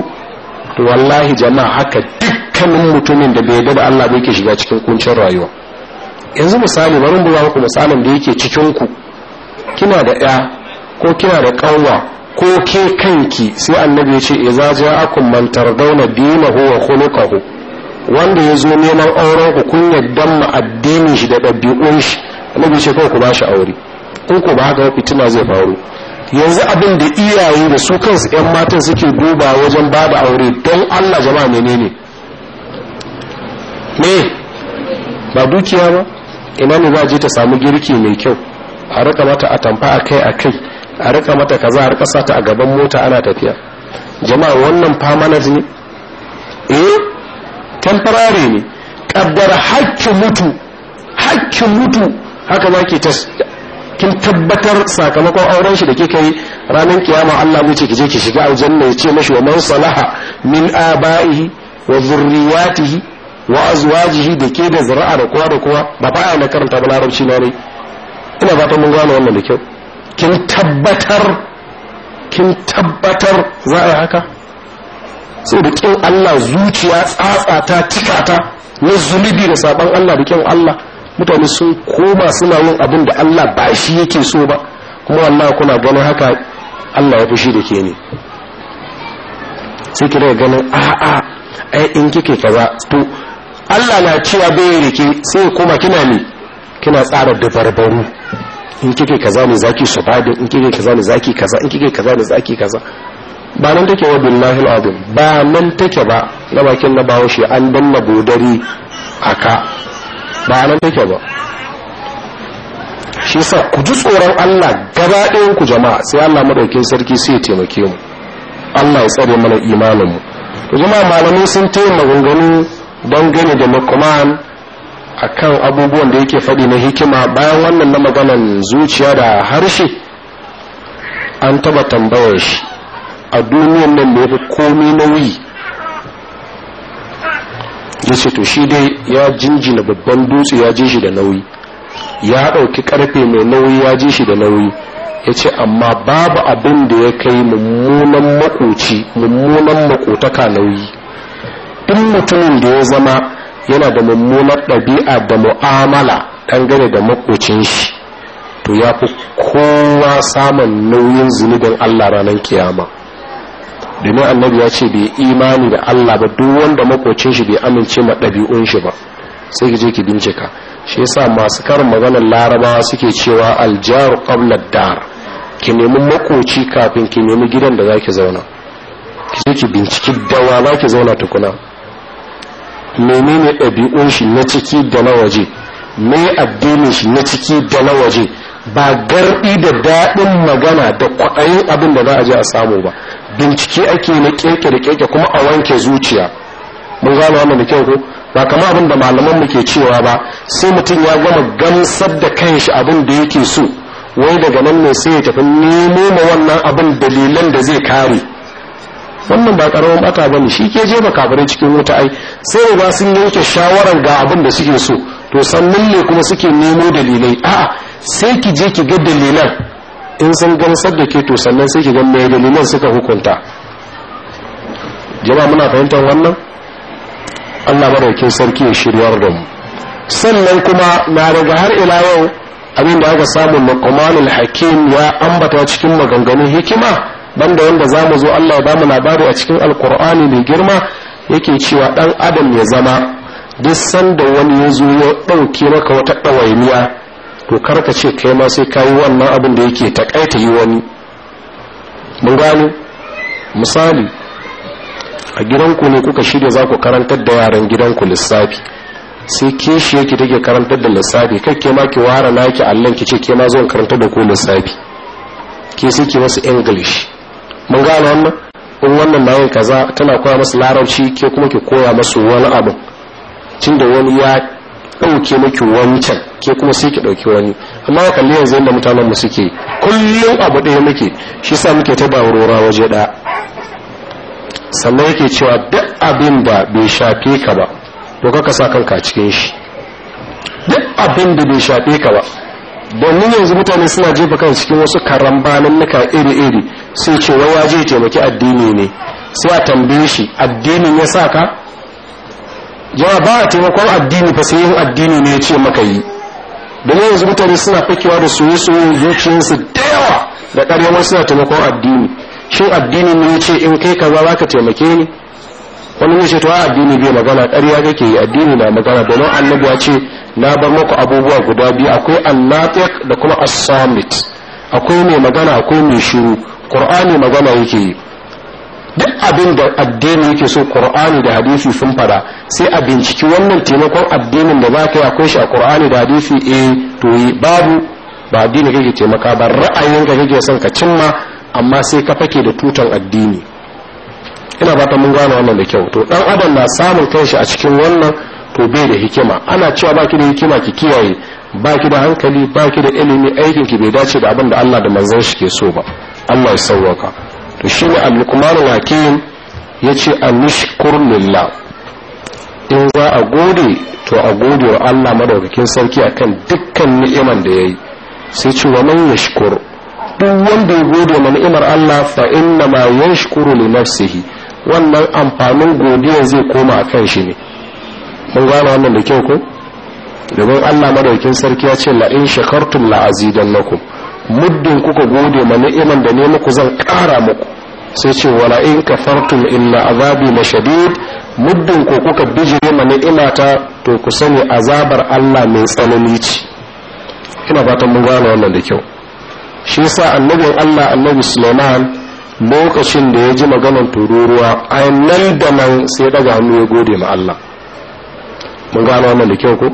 to wallahi jama'a haka dukkanin mutumin da bai da Allah bai ke shiga cikin kuncin rayuwa yanzu misali barin mu ba misalin da yake cikin ku kina da ya ko kina da kanwa ko ke kanki sai annabi ya ce idza ja'akum man tardawna dinahu wa khuluquhu wanda ya zo neman auren ku kun yadda mu addinin shi da ɗabi'un shi annabi ce kawai ku ba shi aure in ku ba haka fitina zai faru yanzu abin da iyaye da su kansu 'yan matan suke duba wajen ba da aure don allah jama'a menene ne ba dukiya ba ina ne za je ta samu girki mai kyau a rika mata a tamfa a kai a kai a rika mata kaza a rika sata a gaban mota ana tafiya jama'a wannan na ne eh temporary ne kaddar hakki mutu hakki mutu haka za ki kin tabbatar sakamakon auren shi da kika yi ranar kiyama Allah mu ce ki je ki shiga aljanna ya ce mashi wa man salaha min aba'ihi wa zurriyatihi wa azwajihi da ke da zura'a da kowa da kowa ba ba na karanta ba larabci na ne ina fatan mun gane wannan da kyau kin tabbatar kin tabbatar za a yi haka saboda kin Allah zuciya tsatsa ta tsatsata ta na zunubi da saban Allah da kin Allah mutane sun koma suna yin abin da Allah ba shi yake so ba kuma wallahi kuna ganin haka Allah ya fushi da ke ne sai kira ganin a a ai in kike kaza to Allah na cewa bai rike sai kuma kina ne kina tsara dabarbaru in kike kaza ne zaki subadi in kike kaza ne zaki kaza in kike kaza ne zaki kaza ba nan take wa billahi azim ba nan take ba na bakin na bawo shi an danna godari aka ba nan take ba shi sa ku ji tsoron Allah gaba ɗayan ku jama'a sai Allah madaukin sarki sai ya taimake mu Allah ya tsare mana imanin mu to jama'a malamai sun tayi maganganu don gane da makuman akan abubuwan da yake faɗi na hikima bayan wannan na maganan zuciya da harshe an taba tambayar shi a duniyan nan da ya fi komai nauyi ya ce to shi dai ya jinjina babban dutse ya ji shi da nauyi ya ɗauki ƙarfe mai nauyi ya ji shi da nauyi ya ce amma babu abin da ya kai mummunan makoci mummunan makotaka nauyi duk mutumin da ya zama yana da mummunar ɗabi'a da mu'amala dangane da makocin shi to ya fi kowa samun nauyin zunubin allah ranar kiyama domin annabi ya ce bai imani da Allah ba duk wanda makocin shi bai amince ma ɗabi'un shi ba sai ki je ki bincika shi yasa masu karin maganar larabawa suke cewa aljaru qabla dar ki nemi makoci kafin ki nemi gidan da zaki zauna ki je ki binciki dawa zaki zauna tukuna menene ɗabi'un shi na ciki da na waje me addinin shi na ciki da na waje ba garbi da daɗin magana da kwaɗayin abin da za a je a samu ba bincike ake na keke da keke kuma a wanke zuciya mun gano wannan da kyau ko ba kamar abin da malaman mu ke cewa ba sai mutum ya gama gamsar da kanshi abin da yake so wai daga nan ne sai ya tafi nemo ma wannan abin dalilan da zai kare wannan ba karamin bata bane shi ke ba kafirai cikin wuta ai sai ba sun yanke shawarar ga abin da suke so to sannan ne kuma suke nemo dalilai a'a sai ki je ki ga dalilan in sun gamsar da ke to sannan sai ki gan mai dalilan suka hukunta jama'a muna fahimtar wannan Allah madaukin sarki ya shiryar da mu sannan kuma na daga har ila yau abin da aka samu maqamanul hakim ya ambata cikin maganganun hikima banda wanda za mu zo Allah ya ba mu labari a cikin alkur'ani mai girma yake cewa dan adam ya zama duk sanda wani ya zo ya ɗauke maka wata ɗawainiya. to karka ce kai ma sai kayi wannan abin da yake takaita yi wani mun gano misali a gidanku ne kuka shirya za ku karantar da yaran gidanku lissafi sai shi yake take karantar da lissafi kai ke ma ki na naki allon ki ce ke ma zo karantar da ku lissafi ke sai ki masu english mun gano wannan in wannan na yin kaza tana koya masu larabci ke kuma ki koya masu wani abu tunda wani ya ɗauke maki wancan ke kuma sai ki dauki wani amma ka kalli yanzu yadda mutanen mu suke kullum abu daya muke shi sa muke ta barora waje da sannan yake cewa duk abin da bai shafe ka ba to ka sa kanka cikin shi duk abin da bai shafe ka ba domin yanzu mutane suna jefa kan cikin wasu karambanin nuka iri-iri sai ce wai waje taimaki addini ne sai a tambaye shi addinin ya sa ka jawa ba a taimakon addini fa sai yin addini ne ya ce maka yi ne yanzu mutane suna fakewa da su zuciyarsu da yawa da ƙarya suna taimakon addini shin addini ne ya ce in kai kaza za ka taimake ni wani ya ce to addini bai magana ƙarya kake yi addini na magana domin annabi ya ce na bar muku abubuwa guda biyu akwai annatik da kuma as akwai mai magana akwai mai shiru qur'ani magana yake yi duk abin da addini yake so qur'ani da hadisi sun fada sai a binciki wannan taimakon addinin da zaka yi akwai shi a qur'ani da hadisi eh to yi babu ba addini kake taimaka ba ra'ayin ka kake son ka cimma amma sai ka fake da tutan addini ina fata mun gane wannan da kyau to dan adam na samun kanshi a cikin wannan to bai da hikima ana cewa baki da hikima ki kiyaye baki da hankali baki da ilimi aikin ki bai dace da abin da Allah da manzon shi ke so ba Allah ya sauwaka to shi ne al-luqman hakim yace anushkur lillah in za a gode to a gode wa Allah madaukakin sarki akan dukkan ni'iman da yayi sai ce wa man yashkur duk wanda ya gode wa ni'imar Allah fa inna ma ne li nafsihi wannan amfanin godiya zai koma akan shi ne mun gane wannan da kyau ko domin Allah madaukakin sarki ya ce la in shakartum la azidannakum muddin kuka gode ma ni'iman da ne muku zan ƙara muku sai ce wala in kafartum inna azabi mashadid muddin ku kuka bijire ma ni'imata to ku sani azabar Allah mai tsanani ce ina fatan mun gane wannan da kyau shi yasa annabin Allah annabi Sulaiman lokacin da ya ji maganar tururuwa a nan da nan sai daga hannu ya gode ma Allah mun gane wannan da kyau ko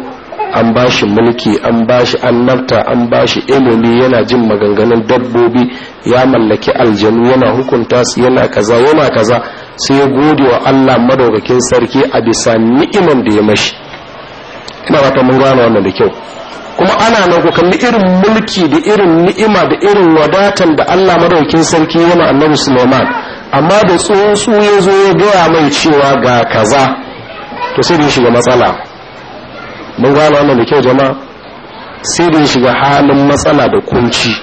an ba shi mulki an ba shi annabta an ba shi ilimi yana jin maganganun dabbobi ya mallaki aljanu yana hukunta su yana kaza yana kaza sai ya gode wa Allah madaukakin sarki a bisa ni'iman da ya mashi ina fata mun gane wannan da kyau kuma ana nan ku kalli irin mulki da irin ni'ima da irin wadatan da Allah madaukakin sarki yana annabi Sulaiman amma da tsohon su ya zo ya gaya mai cewa ga kaza to sai da shiga matsala mun gano wannan da kyau jama'a sai da shiga halin matsala da kunci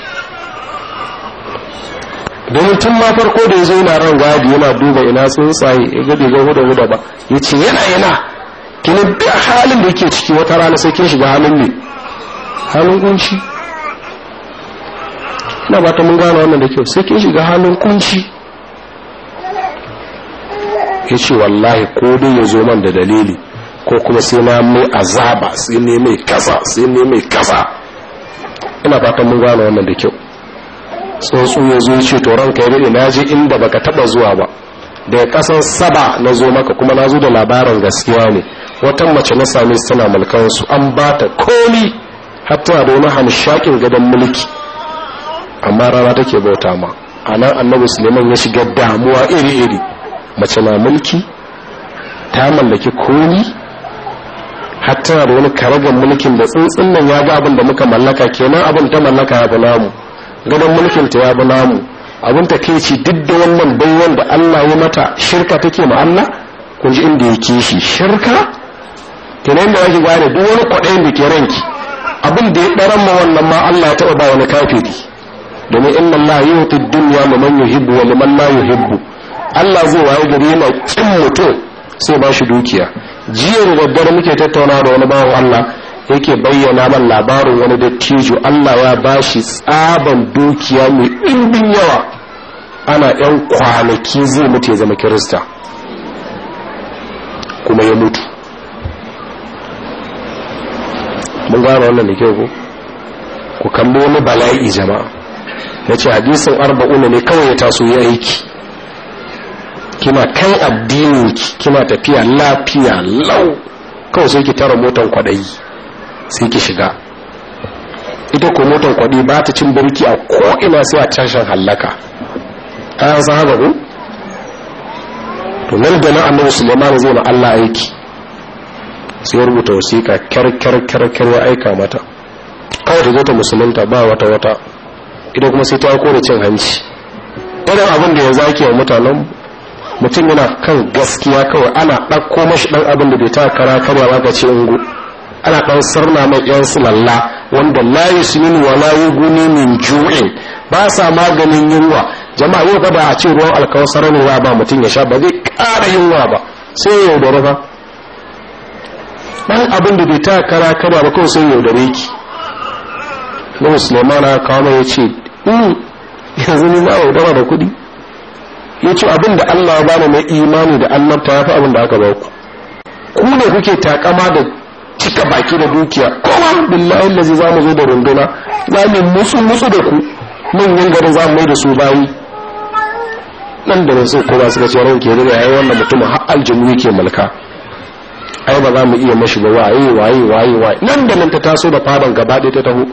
domin tun ma farko da ya zo yana ran gadi yana duba ina tsuntsaye ya ga bai ga huda huda ba ya ce yana yana kini duk halin da yake ciki wata rana sai kin shiga halin ne halin kunci ina ba ta mun gano wannan da kyau sai kin shiga halin kunci ya ce wallahi ko dai ya zo man da dalili ko kuma sai na mai azaba sai ne mai kasa sai ne mai kasa ina fatan mun gane wannan da kyau tsuntsu ya zo ce to ranka ya dade na je inda baka taba zuwa ba daga kasan saba na zo maka kuma na zo da labaran gaskiya ne wata mace na sami suna mulkan su an ba ta komi hatta da wani hamshakin gadon mulki amma rana take bauta ma a nan annabi suleiman ya shiga damuwa iri-iri mace na mulki ta mallaki komi hatta da wani karagan mulkin da tsuntsun nan ya ga abin da muka mallaka kenan abin ta mallaka ya bi namu gadon mulkin ta ya bi namu abin ta kai ce duk da wannan bayyan da Allah ya mata shirka take ma Allah kun ji inda yake shi shirka kenan da yake gane duk wani kwaɗayin da ke ranki abin da ya ɗaran ma wannan ma Allah ya taɓa ba wani kafiri domin inna Allah duniya dunya man yuhibbu wa man la yuhibbu Allah zai waye gari yana kin mutum sai ba shi dukiya jiya babbar muke tattauna da wani bawan Allah yake bayyana man labarin wani dattijo Allah ya bashi tsaban dukiya mai ɗimbin yawa ana yan kwanaki zai mutu ya zama kirista kuma ya mutu mun gano wannan da kyau ku kalli wani bala'i jama'a ya ce hadisin arba'una ne kawai ya taso ya aiki kina kan addini kina tafiya lafiya lau kawai sai ki tara motan kwadayi sai ki shiga ita ko motan kwadayi ba ta cin birki a ko ina sai a tashin hallaka ayan san haɗa ku to nan da na annabi Sulaiman zai na Allah aiki sai rubuta wasiƙa kyar kyar kyar kyar ya aika mata kawai ta zo ta musulunta ba wata wata ita kuma sai ta kore cin hanci irin abin da ya zaki wa mutanen mutum yana kan gaskiya kawai ana ɗauko mashi ɗan abin da bai ta kara karya ba ga ce ungu ana ɗan sarna mai ƴan sulalla wanda la yusmin wa la guni min ju'in ba sa maganin yunwa jama'a yau fa ba a ce ruwan alkawsarin ruwa ba mutum ya sha ba zai ƙara yunwa ba sai ya yaudare fa ɗan abin da bai ta kara karya ba kawai sai ya yaudare ki na musulmana kawo ya ce mm, yanzu ni ma yaudara da kuɗi ya ce abin da Allah ya bani mai imani da annabta ya fi abin da aka ba ku ku ne kuke takama da cika baki da dukiya kowa billahi lazi za mu zo da runduna za mu musu musu da ku manyan garin za mu mai da su bayi nan da sai kuma suka ce ran ke da yayi wannan mutum har aljimu yake mulka ai ba za mu iya mashi ba waye waye waye waye nan da nan ta taso da fadan gaba ɗaya ta taho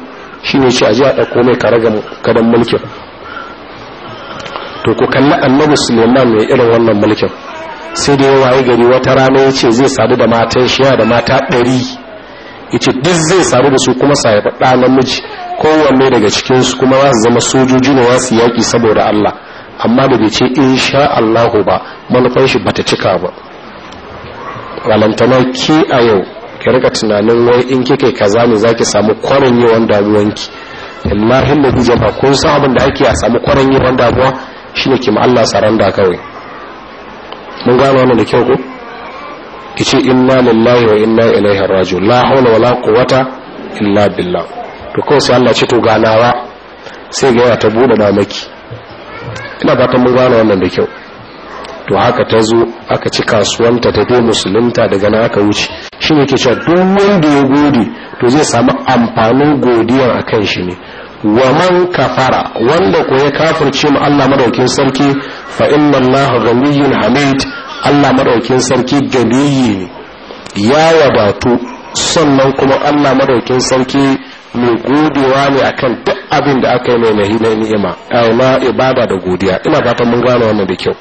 shine shi aje a ɗauko mai ga kadan mulkin to ku kalli annabi suleiman mai irin wannan mulkin sai da ya waye gari wata rana ya ce zai sadu da matan shiya da mata ɗari ya ce duk zai sadu da su kuma sa ɗa namiji kowanne daga cikinsu kuma za su zama sojoji ne za su yaƙi saboda allah amma da bai ce in sha allahu ba manufan shi bata cika ba walantana ki a yau ki rika tunanin wai in kike kaza ne zaki samu kwarin yawan damuwanki illahin da jama'a kun san abin da ake a samu kwarin yawan damuwa shine kima Allah saranda kawai mun gano wannan da kyau ku ko kice inna lillahi wa inna ilaihi raji'un la hawla wala quwwata illa billah to kawai sai Allah ce to ganawa sai ga ta bude da maki ina fatan mun gano wannan da kyau to haka ta zo aka ci kasuwanta ta dai musulunta daga nan aka wuce shi ne ke cewa duk wanda ya gode to zai sami amfanin godiyar a kan shi ne wa man kafara wanda ko ya kafirce mu Allah madaukin sarki fa inna Allah ghaniyyun hamid Allah madaukin sarki gadiyi ya wadatu sannan kuma Allah madaukin sarki mai godewa ne akan duk abin da aka yi mai nahi na ni'ima ai ma ibada da godiya ina fatan mun gane wannan da kyau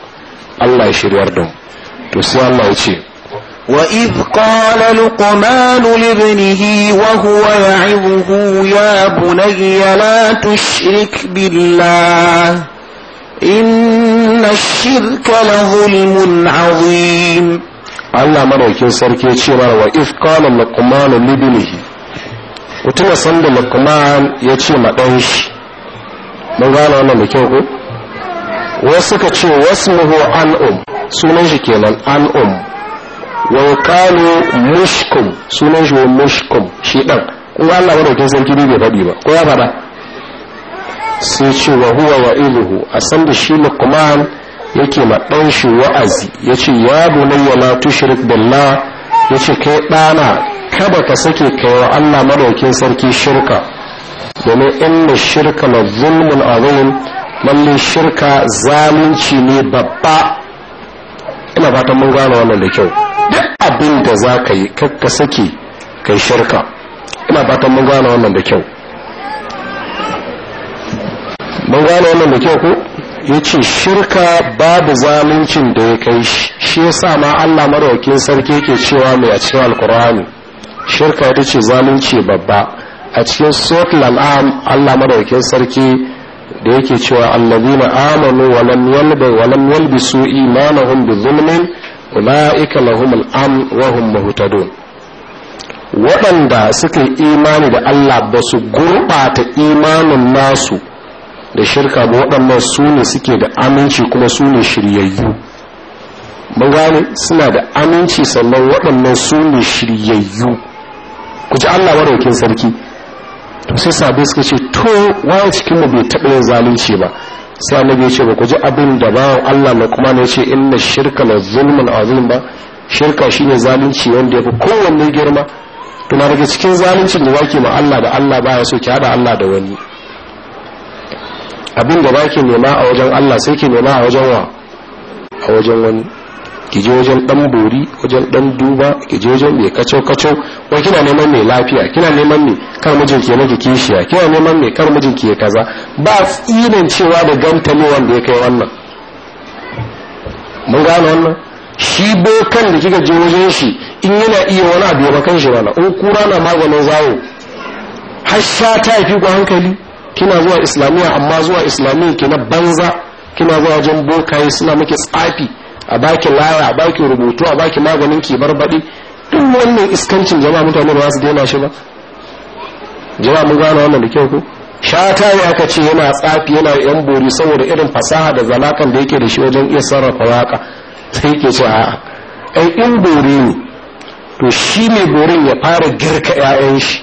Allah ya shiryar da mu to sai Allah ya ce وإذ قال لقمان لابنه وهو يعظه يا بني لا تشرك بالله إن الشرك لظلم عظيم Allah maraukin sarki ya ce mana wa if qala luqman libnihi mutum ya san da luqman ya ce ma dan shi mun gane wannan da kyau ko wasu ka ce wasmuhu an'um sunan shi kenan an'um wa yuqalu mushkum sunan shi mushkum shi dan kun ga Allah maɗaukin sarki bai faɗi ba ko ya faɗa sai ce wa huwa wa iluhu a san da shi lukman yake ma dan shi wa'azi yace ya bunayya la tushrik billah yace kai ɗana kaba ka sake kaiwa Allah madaukin sarki shirka domin inna shirka la zulmun azim lalle shirka zalunci ne babba ina fatan mun gane wannan da kyau duk abin da za ka yi kakka sake ka yi shirka ina fatan mun gane wannan da kyau mun gane wannan da kyau ko ya ce shirka babu zaluncin da ya kai shi ya sa ma allah maraukin sarki yake cewa mai a cikin alkur'ani shirka ita ce zalunci babba a cikin suratul al'am allah maraukin sarki da yake cewa allazina amanu wa lam yalbisu imanahum bi zulmin ula'ika lahumul am wa hum waɗanda suka yi imani da Allah ba su gurɓata imanin nasu da shirka ba waɗannan su ne suke da aminci kuma su ne shiryayyu mun gane suna da aminci sannan waɗannan su ne shiryayyu ku ji Allah maraukin sarki to sai sabai suka ce to waye cikin mu bai taɓa yin zalunci ba sai annabi ya ce ba ku ji abin da bawan Allah na kuma ne ce inna shirka la zulmun azim ba shirka shine zalunci wanda yafi kowanne girma to na daga cikin zalunci da wake ma Allah da Allah baya so ki hada Allah da wani abin da baki nema a wajen Allah sai ki nema a wajen wa a wajen wani ki je wajen dan bori wajen dan duba ki je wajen mai kacau kacau wai kina neman mai lafiya kina neman mai kar mijin ki miki kishiya kina neman mai kar mijin ki kaza ba tsinin cewa da ganta ne wanda ya kai wannan mun gane wannan shi bokan da kika je wajen shi in yana iya wani abu ya kan shi wala in kura na maganin zawo har sha ta fi ku hankali kina zuwa islamiyya amma zuwa islamiyya kina banza kina zuwa wajen bokaye suna miki tsafi a baki laya a baki rubutu a baki maganin ki barbaɗi duk wannan iskancin zama mutane ba su daina shi ba jama mun gano wannan da kyau ko shata ya aka ce yana tsafi yana yan bori saboda irin fasaha da zalakan da yake da shi wajen iya sarrafa waka sai yake ce a ai in bori ne to shi ne borin ya fara girka 'ya'yan shi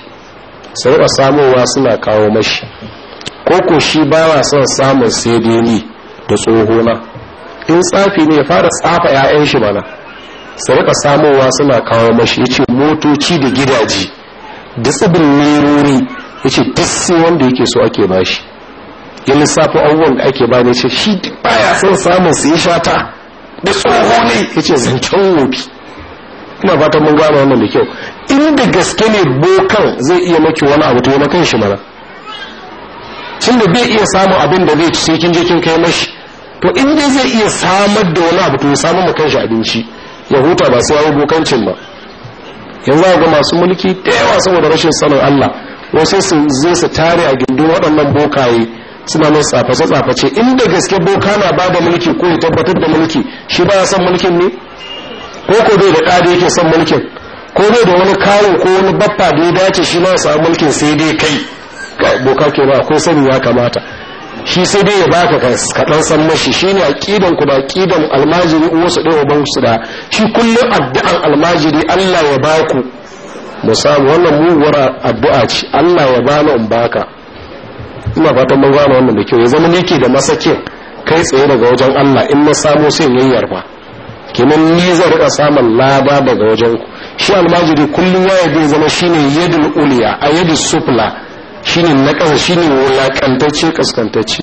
sai ba samowa suna kawo mashi ko ko shi ba son samun sai dai ni da tsohona in tsafi ne ya fara tsafa 'ya'yan shi mana su rika samowa suna kawo mashi ya ce motoci da gidaje da tsibin nerori ya ce duk wanda yake so ake bashi ya lissafi abubuwan da ake bani ce shi baya son samun su yi shata da tsoho ne ya ce zancen wofi ina fatan mun gano wannan da kyau inda gaske ne bokan zai iya maki wani abu to na kan shi mana tun bai iya samun abin da zai ci sai kin je kin kai mashi to in dai zai iya samar da wani abu to ya samu makan shi abinci ya huta ba sai yayi bokancin ba yanzu ga masu mulki da yawa saboda rashin sanin Allah wasu su zai su tare a gindin waɗannan bokaye suna mai tsaface tsaface inda gaske boka na ba da mulki ko ya tabbatar da mulki shi ba ya son mulkin ne ko ko bai da ƙari yake son mulkin ko bai da wani kawo ko wani baffa da ya dace shi ma ya samu mulkin sai dai kai boka ke ba akwai sani ya kamata shi sai dai ya baka ka dan san mashi shine aqidan ku ba aqidan almajiri uwarsu dai ban su da shi kullum addu'an almajiri Allah ya baku Musamman samu wannan muguwar addu'a ce Allah ya ba in baka ina fatan mun gane wannan da kyau ya zama nake da masakin kai tsaye daga wajen Allah in na samu sai in yarba kenan ni zan rika samun lada daga wajen ku shi almajiri kullum ya yabe zama shine yadul uliya a yadul sufla shine na ƙasa shine wulaƙantacce kaskantacce